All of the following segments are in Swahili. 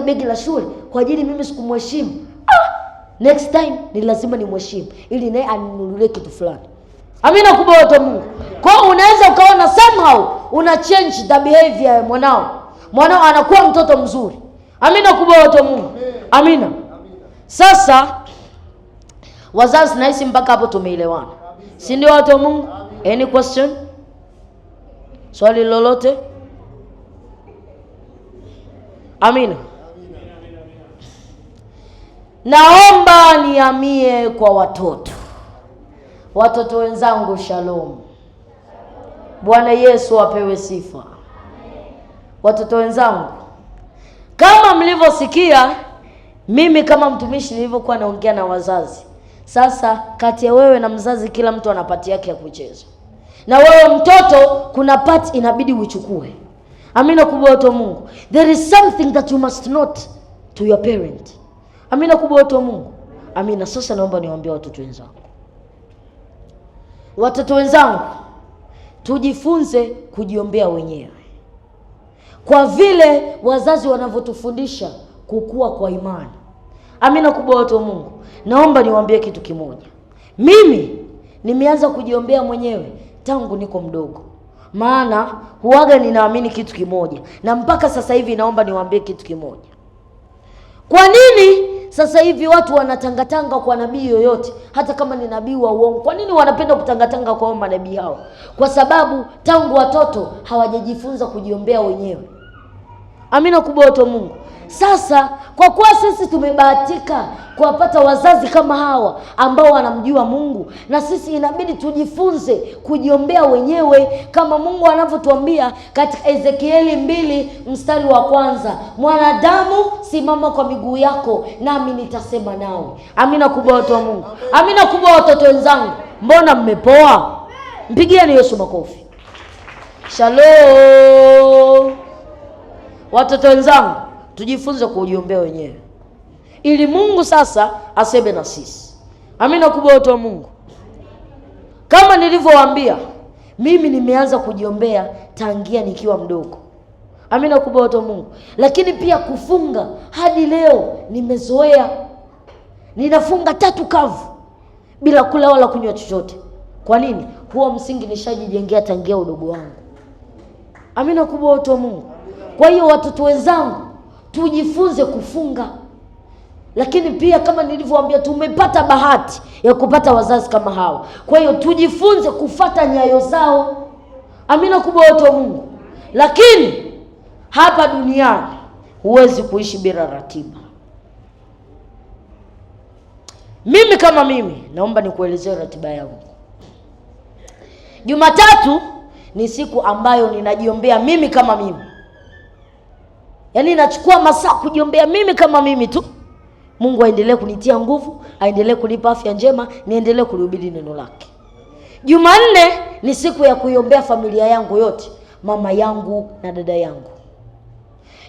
nikamnunulia begi la shule kwa ajili mimi sikumheshimu. Ah, next time ni lazima nimheshimu ili naye aninunulie kitu fulani. Amina kubwa wote Mungu. Kwa hiyo unaweza ukaona somehow una change the behavior ya mwanao, mwanao anakuwa mtoto mzuri. Amina kubwa wote Mungu. Amina. Sasa wazazi, nahisi mpaka hapo tumeelewana, si ndio watu wa Mungu? Any question? Swali lolote? Amina. Naomba niamie kwa watoto watoto wenzangu, shalom. Bwana Yesu apewe sifa. Watoto wenzangu, kama mlivyosikia, mimi kama mtumishi nilivyokuwa naongea na wazazi, sasa kati ya wewe na mzazi, kila mtu ana pati yake ya kucheza, na wewe mtoto, kuna pati inabidi uchukue. Amina kubwa, watu wa Mungu, there is something that you must not to your parent Amina kubwa watu wa Mungu. Amina. Sasa naomba niwaambie watoto wenzangu, watoto wenzangu, tujifunze kujiombea wenyewe, kwa vile wazazi wanavyotufundisha kukua kwa imani. Amina kubwa watu wa Mungu. Naomba niwaambie kitu kimoja, mimi nimeanza kujiombea mwenyewe tangu niko mdogo, maana huaga ninaamini kitu kimoja, na mpaka sasa hivi naomba niwaambie kitu kimoja. Kwa nini sasa hivi watu wanatangatanga kwa nabii yoyote, hata kama ni nabii wa uongo. Kwa nini wanapenda kutangatanga kwa manabii hao? Kwa sababu tangu watoto hawajajifunza kujiombea wenyewe. Amina, kubwa wa Mungu sasa kwa kuwa sisi tumebahatika kuwapata wazazi kama hawa ambao wanamjua Mungu, na sisi inabidi tujifunze kujiombea wenyewe kama Mungu anavyotuambia katika Ezekieli mbili mstari wa kwanza, mwanadamu, simama kwa miguu yako nami nitasema nawe. Amina kubwa watu wa Mungu, amina kubwa watoto wenzangu, mbona mmepoa? Mpigieni Yesu makofi. Shalom watoto wenzangu tujifunze kujiombea wenyewe, ili Mungu sasa aseme na sisi. Amina kubwa watu wa Mungu, kama nilivyowaambia, mimi nimeanza kujiombea tangia nikiwa mdogo. Amina kubwa watu wa Mungu, lakini pia kufunga hadi leo nimezoea, ninafunga tatu kavu bila kula wala kunywa chochote. Kwa nini? Huo msingi nishajijengea tangia udogo wangu. Amina kubwa watu wa Mungu. Kwa hiyo watoto wenzangu tujifunze kufunga. Lakini pia kama nilivyowaambia, tumepata bahati ya kupata wazazi kama hawa. Kwa hiyo tujifunze kufata nyayo zao. Amina kubwa wote wa Mungu. Lakini hapa duniani huwezi kuishi bila ratiba. Mimi kama mimi, naomba nikuelezee ratiba yangu. Jumatatu ni siku ambayo ninajiombea mimi kama mimi yaani inachukua masaa kujiombea mimi kama mimi tu. Mungu aendelee kunitia nguvu, aendelee kunipa afya njema, niendelee kulihubiri neno lake. Jumanne ni siku ya kuiombea familia yangu yote, mama yangu na dada yangu.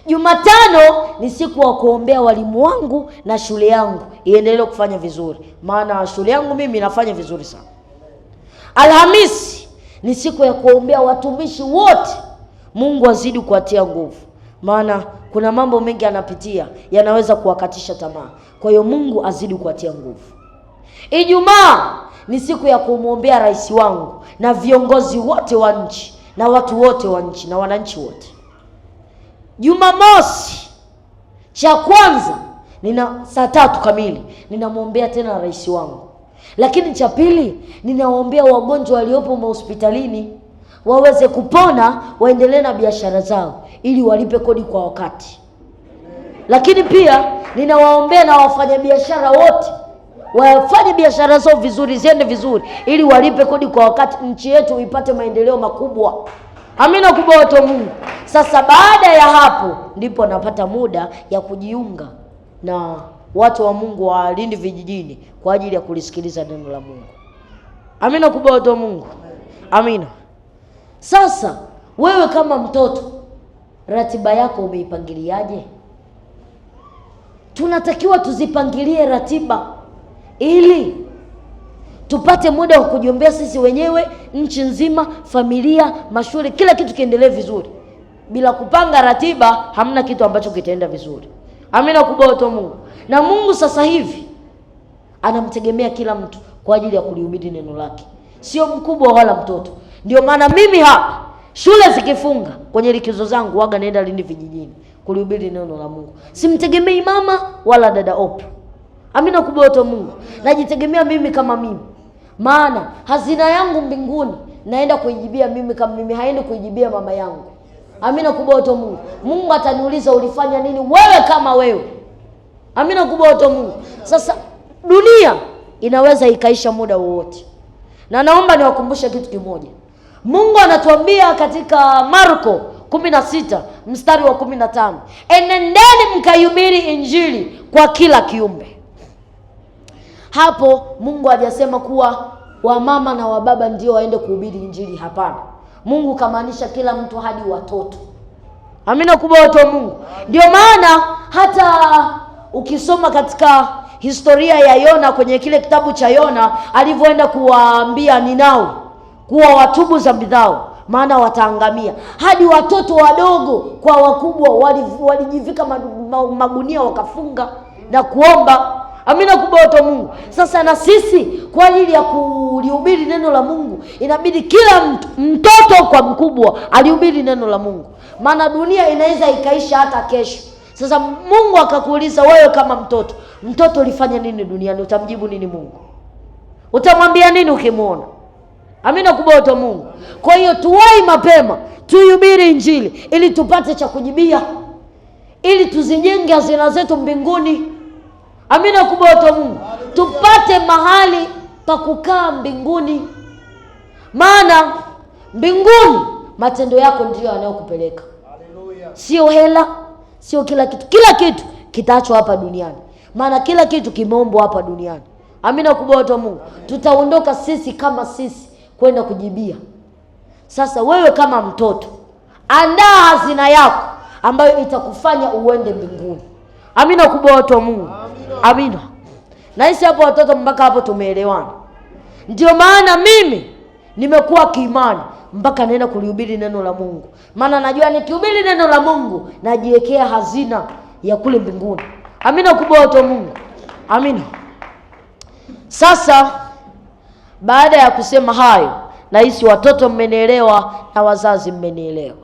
Jumatano ni siku ya kuombea walimu wangu na shule yangu iendelee kufanya vizuri, maana shule yangu mimi inafanya vizuri sana. Alhamisi ni siku ya kuombea watumishi wote, Mungu azidi kuwatia nguvu maana kuna mambo mengi anapitia yanaweza kuwakatisha tamaa. Kwa hiyo Mungu azidi kuwatia nguvu. Ijumaa ni siku ya kumwombea rais wangu na viongozi wote wa nchi na watu wote wa nchi na wananchi wote. Jumamosi cha kwanza nina saa tatu kamili ninamwombea tena rais wangu, lakini cha pili ninawaombea wagonjwa waliopo mahospitalini waweze kupona, waendelee na biashara zao ili walipe kodi kwa wakati. Lakini pia ninawaombea na wafanyabiashara wote wafanye biashara zao vizuri, ziende vizuri, ili walipe kodi kwa wakati, nchi yetu ipate maendeleo makubwa. Amina kubwa, watu wa Mungu. Sasa baada ya hapo, ndipo napata muda ya kujiunga na watu wa Mungu wa Lindi vijijini kwa ajili ya kulisikiliza neno la Mungu. Amina kubwa, watu wa Mungu. Amina. Sasa wewe kama mtoto ratiba yako umeipangiliaje? Tunatakiwa tuzipangilie ratiba ili tupate muda wa kujiombea sisi wenyewe, nchi nzima, familia, mashule, kila kitu kiendelee vizuri. Bila kupanga ratiba, hamna kitu ambacho kitaenda vizuri. Amina wa Mungu. Na Mungu sasa hivi anamtegemea kila mtu kwa ajili ya kulihubiri neno lake, sio mkubwa wala mtoto. Ndio maana mimi hapa Shule zikifunga kwenye likizo zangu waga naenda Lindi vijijini kulihubiri neno la Mungu. Simtegemei mama wala dada Oprah. Amina yote Mungu. Najitegemea mimi kama mimi. Maana hazina yangu mbinguni naenda kuijibia mimi kama mimi, haendi kuijibia mama yangu. Amina yote Mungu. Mungu ataniuliza ulifanya nini wewe kama wewe. Amina yote Mungu. Sasa dunia inaweza ikaisha muda wowote, na naomba niwakumbushe kitu kimoja. Mungu anatuambia katika Marko kumi na sita mstari wa kumi na tano enendeni mkaihubiri injili kwa kila kiumbe. Hapo Mungu hajasema kuwa wamama na wababa ndio waende kuhubiri injili. Hapana, Mungu kamaanisha kila mtu hadi watoto. Amina kubwa, watu wa Mungu. Ndio maana hata ukisoma katika historia ya Yona kwenye kile kitabu cha Yona alivyoenda kuwaambia Ninawi kuwa watubu dhambi zao, maana wataangamia. Hadi watoto wadogo kwa wakubwa walijivika magunia wakafunga na kuomba. Amina kubwa watu Mungu. Sasa na sisi kwa ajili ya kulihubiri neno la Mungu inabidi kila mtu, mtoto kwa mkubwa, alihubiri neno la Mungu, maana dunia inaweza ikaisha hata kesho. Sasa Mungu akakuuliza wewe, kama mtoto, mtoto ulifanya nini duniani? Utamjibu nini Mungu? Utamwambia nini ukimwona? Amina kuboto Mungu. Kwa hiyo tuwai mapema tuihubiri Injili ili tupate cha kujibia, ili tuzijenge hazina zetu mbinguni. Amina kuboto Mungu, tupate mahali pa kukaa mbinguni, maana mbinguni matendo yako ndiyo yanayokupeleka, sio hela, sio kila kitu. Kila kitu kitaachwa hapa duniani, maana kila kitu kimeombwa hapa duniani. Amina kuboto Mungu, tutaondoka sisi kama sisi kwenda kujibia. Sasa wewe kama mtoto, andaa hazina yako ambayo itakufanya uende mbinguni. Amina kubwa watu wa Mungu, amina, amina. Nahisi hapo watoto, mpaka hapo tumeelewana. Ndio maana mimi nimekuwa kiimani mpaka naenda kulihubiri neno la Mungu, maana najua nikihubiri neno la Mungu najiwekea hazina ya kule mbinguni. Amina kubwa watu wa Mungu, amina. Sasa baada ya kusema hayo, nahisi watoto mmenielewa na wazazi mmenielewa.